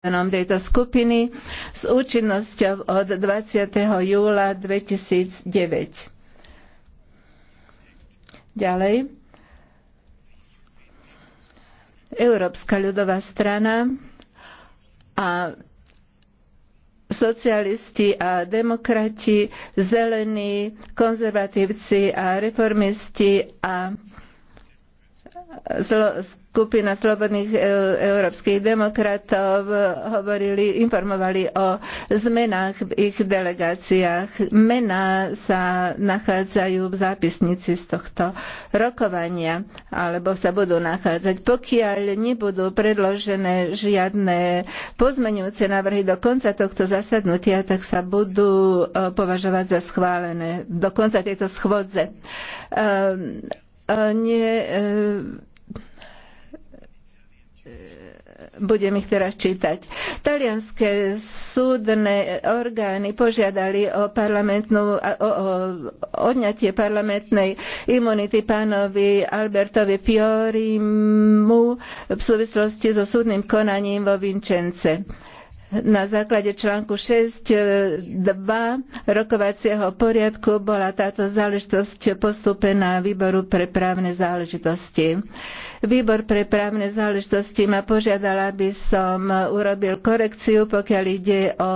členom tejto skupiny s účinnosťou od 20. júla 2009. Ďalej. Európska ľudová strana a socialisti a demokrati, zelení, konzervatívci a reformisti a skupina slobodných e, európskych demokratov hovorili, informovali o zmenách v ich delegáciách. Mená sa nachádzajú v zápisnici z tohto rokovania, alebo sa budú nachádzať. Pokiaľ nebudú predložené žiadne pozmenujúce návrhy do konca tohto zasadnutia, tak sa budú e, považovať za schválené do konca tejto schôdze. Um, ne, e, e, budem ich teraz čítať. Talianské súdne orgány požiadali o, parlamentnú, o, o odňatie parlamentnej imunity pánovi Albertovi Fiorimu v súvislosti so súdnym konaním vo Vinčence na základe článku 6.2 rokovacieho poriadku bola táto záležitosť postúpená výboru pre právne záležitosti. Výbor pre právne záležitosti ma požiadala, aby som urobil korekciu, pokiaľ ide o